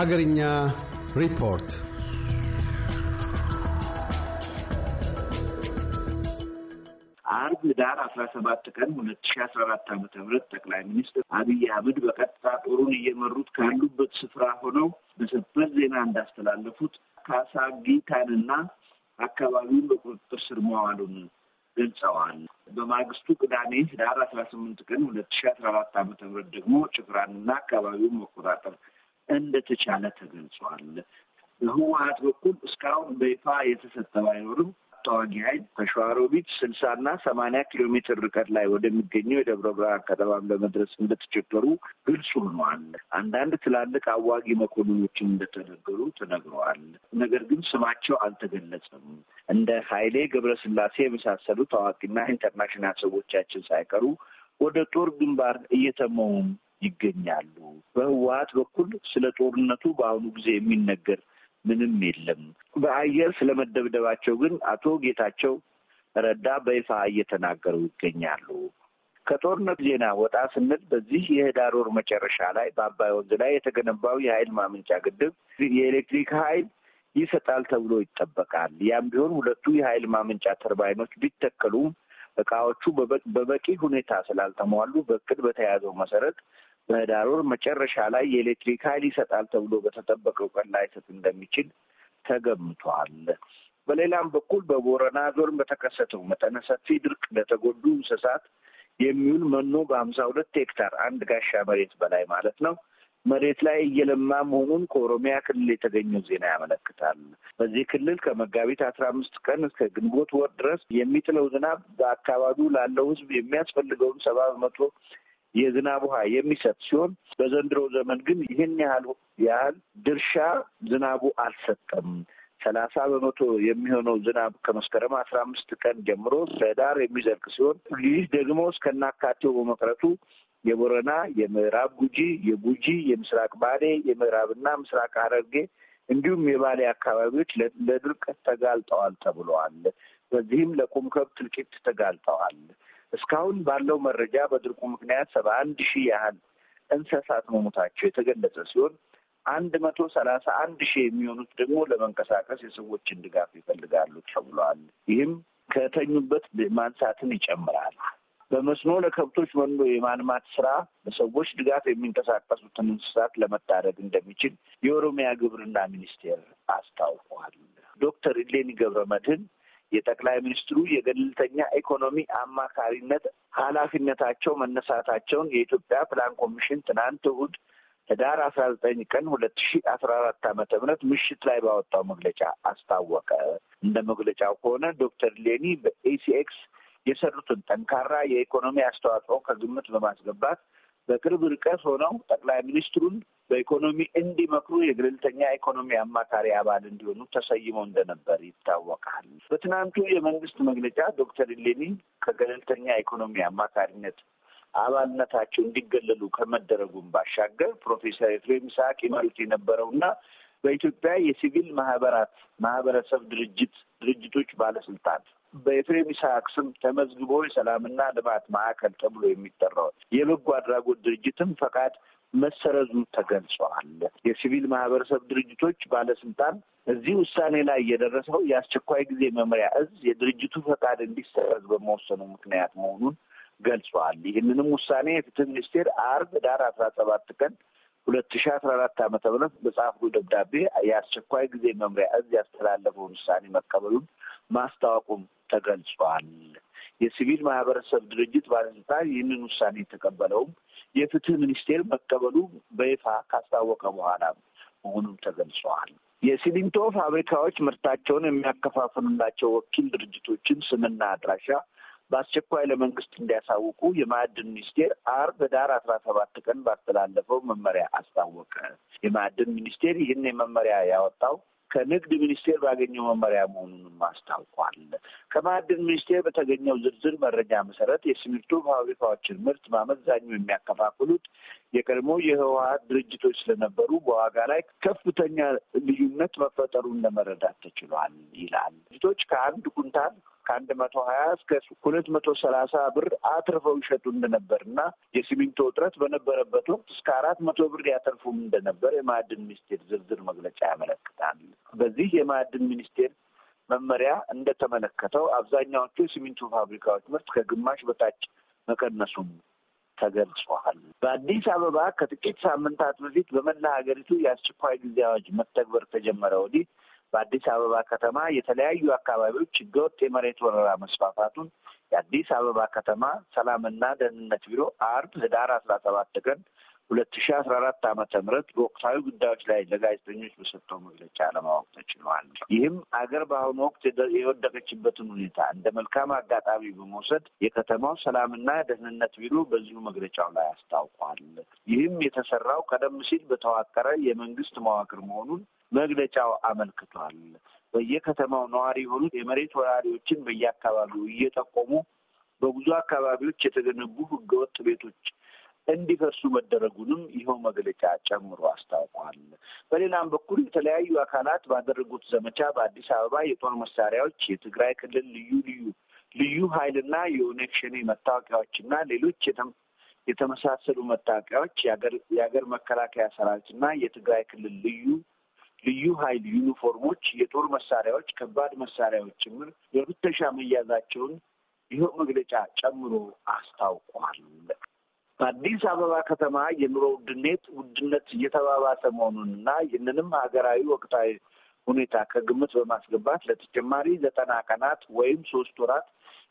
ሀገርኛ ሪፖርት አርብ ዳር አስራ ሰባት ቀን ሁለት ሺ አስራ አራት ዓመተ ምህረት ጠቅላይ ሚኒስትር አብይ አህመድ በቀጥታ ጦሩን እየመሩት ካሉበት ስፍራ ሆነው በሰበር ዜና እንዳስተላለፉት ካሳጊታንና አካባቢውን በቁጥጥር ስር መዋሉን ገልጸዋል። በማግስቱ ቅዳሜ ዳር አስራ ስምንት ቀን ሁለት ሺ አስራ አራት ዓመተ ምህረት ደግሞ ጭፍራንና አካባቢውን መቆጣጠር እንደተቻለ ተገልጿል። በህወሀት በኩል እስካሁን በይፋ የተሰጠ ባይኖርም ተዋጊ ኃይል ከሸዋሮቢት ስልሳና ሰማንያ ኪሎ ሜትር ርቀት ላይ ወደሚገኘው የደብረ ብርሃን ከተማም ለመድረስ እንደተቸገሩ ግልጽ ሆኗል። አንዳንድ ትላልቅ አዋጊ መኮንኖችን እንደተነገሩ ተነግረዋል። ነገር ግን ስማቸው አልተገለጸም። እንደ ኃይሌ ገብረስላሴ የመሳሰሉ ታዋቂና ኢንተርናሽናል ሰዎቻችን ሳይቀሩ ወደ ጦር ግንባር እየተመውም ይገኛሉ። በህወሀት በኩል ስለ ጦርነቱ በአሁኑ ጊዜ የሚነገር ምንም የለም። በአየር ስለመደብደባቸው ግን አቶ ጌታቸው ረዳ በይፋ እየተናገሩ ይገኛሉ። ከጦርነት ዜና ወጣ ስንል በዚህ የህዳር ወር መጨረሻ ላይ በአባይ ወንዝ ላይ የተገነባው የኃይል ማመንጫ ግድብ የኤሌክትሪክ ኃይል ይሰጣል ተብሎ ይጠበቃል። ያም ቢሆን ሁለቱ የኃይል ማመንጫ ተርባይኖች ቢተከሉም እቃዎቹ በበቂ ሁኔታ ስላልተሟሉ በእቅድ በተያዘው መሰረት በህዳር ወር መጨረሻ ላይ የኤሌክትሪክ ኃይል ይሰጣል ተብሎ በተጠበቀው ቀን ላይሰጥ እንደሚችል ተገምቷል። በሌላም በኩል በቦረና ዞን በተከሰተው መጠነ ሰፊ ድርቅ ለተጎዱ እንስሳት የሚውል መኖ በሀምሳ ሁለት ሄክታር አንድ ጋሻ መሬት በላይ ማለት ነው መሬት ላይ እየለማ መሆኑን ከኦሮሚያ ክልል የተገኘው ዜና ያመለክታል። በዚህ ክልል ከመጋቢት አስራ አምስት ቀን እስከ ግንቦት ወር ድረስ የሚጥለው ዝናብ በአካባቢው ላለው ህዝብ የሚያስፈልገውን ሰባ በመቶ የዝናብ ውሃ የሚሰጥ ሲሆን በዘንድሮ ዘመን ግን ይህን ያህል ያህል ድርሻ ዝናቡ አልሰጠም። ሰላሳ በመቶ የሚሆነው ዝናብ ከመስከረም አስራ አምስት ቀን ጀምሮ በዳር የሚዘልቅ ሲሆን ይህ ደግሞ እስከናካቴው በመቅረቱ የቦረና፣ የምዕራብ ጉጂ፣ የጉጂ፣ የምስራቅ ባሌ፣ የምዕራብና ምስራቅ ሐረርጌ እንዲሁም የባሌ አካባቢዎች ለድርቀት ተጋልጠዋል ተብለዋል። በዚህም ለቁም ከብት እልቂት ተጋልጠዋል። እስካሁን ባለው መረጃ በድርቁ ምክንያት ሰባ አንድ ሺህ ያህል እንስሳት መሞታቸው የተገለጸ ሲሆን አንድ መቶ ሰላሳ አንድ ሺህ የሚሆኑት ደግሞ ለመንቀሳቀስ የሰዎችን ድጋፍ ይፈልጋሉ ተብሏል። ይህም ከተኙበት ማንሳትን ይጨምራል። በመስኖ ለከብቶች መኖ የማልማት ስራ በሰዎች ድጋፍ የሚንቀሳቀሱትን እንስሳት ለመታደግ እንደሚችል የኦሮሚያ ግብርና ሚኒስቴር አስታውቋል። ዶክተር ኢሌኒ ገብረ መድህን የጠቅላይ ሚኒስትሩ የገለልተኛ ኢኮኖሚ አማካሪነት ኃላፊነታቸው መነሳታቸውን የኢትዮጵያ ፕላን ኮሚሽን ትናንት እሁድ ህዳር አስራ ዘጠኝ ቀን ሁለት ሺ አስራ አራት ዓመተ ምህረት ምሽት ላይ ባወጣው መግለጫ አስታወቀ። እንደ መግለጫው ከሆነ ዶክተር ሌኒ በኤሲኤክስ የሰሩትን ጠንካራ የኢኮኖሚ አስተዋጽኦ ከግምት በማስገባት በቅርብ ርቀት ሆነው ጠቅላይ ሚኒስትሩን በኢኮኖሚ እንዲመክሩ የገለልተኛ ኢኮኖሚ አማካሪ አባል እንዲሆኑ ተሰይመው እንደነበር ይታወቃል። በትናንቱ የመንግስት መግለጫ ዶክተር ሌኒ ከገለልተኛ ኢኮኖሚ አማካሪነት አባልነታቸው እንዲገለሉ ከመደረጉም ባሻገር ፕሮፌሰር ኤፍሬም ሳቅ ይመሩት የነበረውና በኢትዮጵያ የሲቪል ማህበራት ማህበረሰብ ድርጅት ድርጅቶች ባለስልጣን በኤፍሬም ይስሐቅ ስም ተመዝግቦ የሰላምና ልማት ማዕከል ተብሎ የሚጠራው የበጎ አድራጎት ድርጅትም ፈቃድ መሰረዙ ተገልጿል። የሲቪል ማህበረሰብ ድርጅቶች ባለስልጣን እዚህ ውሳኔ ላይ የደረሰው የአስቸኳይ ጊዜ መምሪያ እዝ የድርጅቱ ፈቃድ እንዲሰረዝ በመወሰኑ ምክንያት መሆኑን ገልጿል። ይህንንም ውሳኔ የፍትህ ሚኒስቴር አርብ ዳር አስራ ሰባት ቀን ሁለት ሺ አስራ አራት ዓመተ ምህረት በጻፉ ደብዳቤ የአስቸኳይ ጊዜ መምሪያ እዝ ያስተላለፈውን ውሳኔ መቀበሉን ማስታወቁም ተገልጿል። የሲቪል ማህበረሰብ ድርጅት ባለስልጣን ይህንን ውሳኔ የተቀበለውም የፍትህ ሚኒስቴር መቀበሉ በይፋ ካስታወቀ በኋላ መሆኑም ተገልጸዋል። የሲሚንቶ ፋብሪካዎች ምርታቸውን የሚያከፋፍሉላቸው ወኪል ድርጅቶችን ስምና አድራሻ በአስቸኳይ ለመንግስት እንዲያሳውቁ የማዕድን ሚኒስቴር አርብ ዳር አስራ ሰባት ቀን ባስተላለፈው መመሪያ አስታወቀ። የማዕድን ሚኒስቴር ይህን መመሪያ ያወጣው ከንግድ ሚኒስቴር ባገኘው መመሪያ መሆኑንም አስታውቋል። ከማዕድን ሚኒስቴር በተገኘው ዝርዝር መረጃ መሰረት የሲሚንቶ ፋብሪካዎችን ምርት ማመዛኙ የሚያከፋፍሉት የቀድሞ የህወሀት ድርጅቶች ስለነበሩ በዋጋ ላይ ከፍተኛ ልዩነት መፈጠሩን ለመረዳት ተችሏል ይላል። ድርጅቶች ከአንድ ኩንታል ከአንድ መቶ ሀያ እስከ ሁለት መቶ ሰላሳ ብር አትርፈው ይሸጡ እንደነበር እና የሲሚንቶ እጥረት በነበረበት ወቅት እስከ አራት መቶ ብር ያተርፉም እንደነበር የማዕድን ሚኒስቴር ዝርዝር መግለጫ ያመለክታል። በዚህ የማዕድን ሚኒስቴር መመሪያ እንደተመለከተው አብዛኛዎቹ የሲሚንቶ ፋብሪካዎች ምርት ከግማሽ በታች መቀነሱም ተገልጿል። በአዲስ አበባ ከጥቂት ሳምንታት በፊት በመላ ሀገሪቱ የአስቸኳይ ጊዜ አዋጅ መተግበር ከጀመረ ወዲህ በአዲስ አበባ ከተማ የተለያዩ አካባቢዎች ህገወጥ የመሬት ወረራ መስፋፋቱን የአዲስ አበባ ከተማ ሰላምና ደህንነት ቢሮ አርብ ህዳር አስራ ሰባት ቀን ሁለት ሺ አስራ አራት ዓመተ ምህረት በወቅታዊ ጉዳዮች ላይ ለጋዜጠኞች በሰጠው መግለጫ ለማወቅ ተችሏል። ይህም አገር በአሁኑ ወቅት የወደቀችበትን ሁኔታ እንደ መልካም አጋጣሚ በመውሰድ የከተማው ሰላምና ደህንነት ቢሮ በዚሁ መግለጫው ላይ አስታውቋል። ይህም የተሰራው ቀደም ሲል በተዋቀረ የመንግስት መዋቅር መሆኑን መግለጫው አመልክቷል። በየከተማው ነዋሪ የሆኑት የመሬት ወራሪዎችን በየአካባቢው እየጠቆሙ በብዙ አካባቢዎች የተገነቡ ህገወጥ ቤቶች እንዲፈሱ መደረጉንም ይኸው መግለጫ ጨምሮ አስታውቋል። በሌላም በኩል የተለያዩ አካላት ባደረጉት ዘመቻ በአዲስ አበባ የጦር መሳሪያዎች፣ የትግራይ ክልል ልዩ ልዩ ልዩ ኃይልና የኦነግ ሸኔ መታወቂያዎችና ሌሎች የተመሳሰሉ መታወቂያዎች የሀገር መከላከያ ሰራዊትና የትግራይ ክልል ልዩ ልዩ ኃይል ዩኒፎርሞች፣ የጦር መሳሪያዎች፣ ከባድ መሳሪያዎች ጭምር የፍተሻ መያዛቸውን ይኸው መግለጫ ጨምሮ አስታውቋል። በአዲስ አበባ ከተማ የኑሮ ውድኔት ውድነት እየተባባሰ መሆኑንና ይህንንም ሀገራዊ ወቅታዊ ሁኔታ ከግምት በማስገባት ለተጨማሪ ዘጠና ቀናት ወይም ሶስት ወራት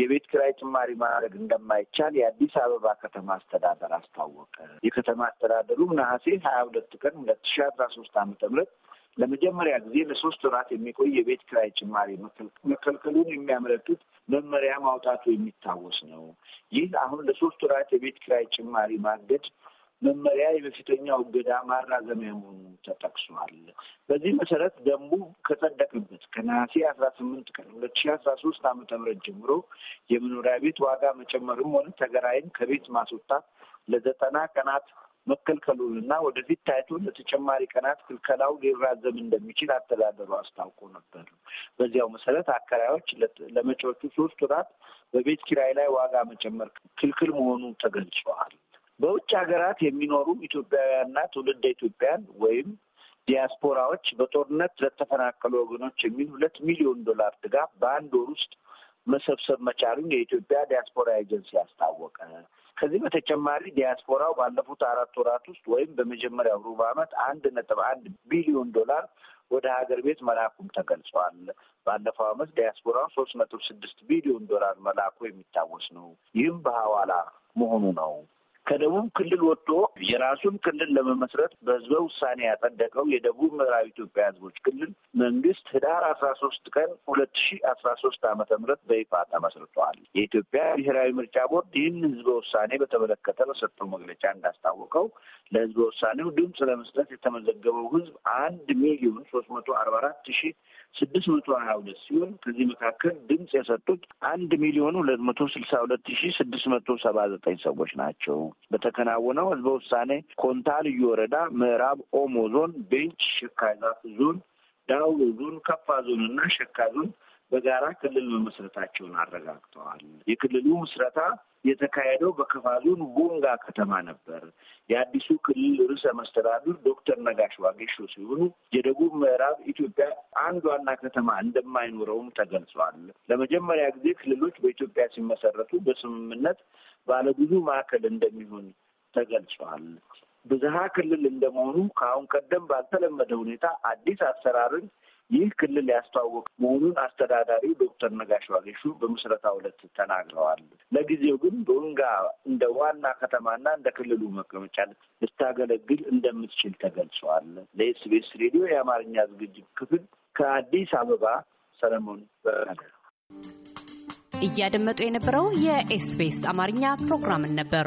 የቤት ኪራይ ጭማሪ ማድረግ እንደማይቻል የአዲስ አበባ ከተማ አስተዳደር አስታወቀ። የከተማ አስተዳደሩም ነሐሴ ሀያ ሁለት ቀን ሁለት ሺ አስራ ሶስት አመተ ምህረት ለመጀመሪያ ጊዜ ለሶስት ወራት የሚቆይ የቤት ክራይ ጭማሪ መከልከሉን የሚያመለክት መመሪያ ማውጣቱ የሚታወስ ነው። ይህ አሁን ለሶስት ወራት የቤት ክራይ ጭማሪ ማገድ መመሪያ የበፊተኛው እገዳ ማራዘሚያ መሆኑ ተጠቅሷል። በዚህ መሰረት ደንቡ ከጸደቀበት ከነሐሴ አስራ ስምንት ቀን ሁለት ሺ አስራ ሶስት ዓመተ ምህረት ጀምሮ የመኖሪያ ቤት ዋጋ መጨመርም ሆነ ተከራይን ከቤት ማስወጣት ለዘጠና ቀናት እና ወደፊት ታይቶ ለተጨማሪ ቀናት ክልከላው ሊራዘም እንደሚችል አስተዳደሩ አስታውቆ ነበር። በዚያው መሰረት አከራዮች ለመጪዎቹ ሶስት ወራት በቤት ኪራይ ላይ ዋጋ መጨመር ክልክል መሆኑ ተገልጸዋል። በውጭ ሀገራት የሚኖሩ ኢትዮጵያውያንና ትውልደ ኢትዮጵያን ወይም ዲያስፖራዎች በጦርነት ለተፈናቀሉ ወገኖች የሚል ሁለት ሚሊዮን ዶላር ድጋፍ በአንድ ወር ውስጥ መሰብሰብ መቻሉን የኢትዮጵያ ዲያስፖራ ኤጀንሲ አስታወቀ። ከዚህ በተጨማሪ ዲያስፖራው ባለፉት አራት ወራት ውስጥ ወይም በመጀመሪያው ሩብ ዓመት አንድ ነጥብ አንድ ቢሊዮን ዶላር ወደ ሀገር ቤት መላኩም ተገልጿል። ባለፈው ዓመት ዲያስፖራው ሶስት ነጥብ ስድስት ቢሊዮን ዶላር መላኩ የሚታወስ ነው። ይህም በሐዋላ መሆኑ ነው። ከደቡብ ክልል ወጥቶ የራሱን ክልል ለመመስረት በህዝበ ውሳኔ ያጸደቀው የደቡብ ምዕራብ ኢትዮጵያ ህዝቦች ክልል መንግስት ህዳር አስራ ሶስት ቀን ሁለት ሺ አስራ ሶስት አመተ ምህረት በይፋ ተመስርተዋል። የኢትዮጵያ ብሔራዊ ምርጫ ቦርድ ይህን ህዝበ ውሳኔ በተመለከተ በሰጠው መግለጫ እንዳስታወቀው ለህዝበ ውሳኔው ድምፅ ለመስጠት የተመዘገበው ህዝብ አንድ ሚሊዮን ሶስት መቶ አርባ አራት ሺህ ስድስት መቶ ሀያ ሁለት ሲሆን ከዚህ መካከል ድምፅ የሰጡት አንድ ሚሊዮን ሁለት መቶ ስልሳ ሁለት ሺ ስድስት መቶ ሰባ ዘጠኝ ሰዎች ናቸው። በተከናወነው ህዝበ ውሳኔ ኮንታ ልዩ ወረዳ፣ ምዕራብ ኦሞ ዞን፣ ቤንች ሸካ ዛፍ ዞን፣ ዳውሮ ዞን፣ ከፋ ዞን እና ሸካ ዞን በጋራ ክልል መመስረታቸውን አረጋግጠዋል። የክልሉ ምስረታ የተካሄደው በከፋ ቦንጋ ከተማ ነበር። የአዲሱ ክልል ርዕሰ መስተዳድር ዶክተር ነጋሽ ዋጌሾ ሲሆኑ የደቡብ ምዕራብ ኢትዮጵያ አንድ ዋና ከተማ እንደማይኖረውም ተገልጿል። ለመጀመሪያ ጊዜ ክልሎች በኢትዮጵያ ሲመሰረቱ በስምምነት ባለብዙ ማዕከል እንደሚሆን ተገልጿል። ብዝሃ ክልል እንደመሆኑ ከአሁን ቀደም ባልተለመደ ሁኔታ አዲስ አሰራርን ይህ ክልል ያስተዋወቅ መሆኑን አስተዳዳሪው ዶክተር ነጋሽ ዋጌሾ በምስረታ ሁለት ተናግረዋል። ለጊዜው ግን ቦንጋ እንደ ዋና ከተማና እንደ ክልሉ መቀመጫ ልታገለግል እንደምትችል ተገልጿል። ለኤስቢኤስ ሬዲዮ የአማርኛ ዝግጅት ክፍል ከአዲስ አበባ ሰለሞን በረገር። እያደመጡ የነበረው የኤስቢኤስ አማርኛ ፕሮግራምን ነበር።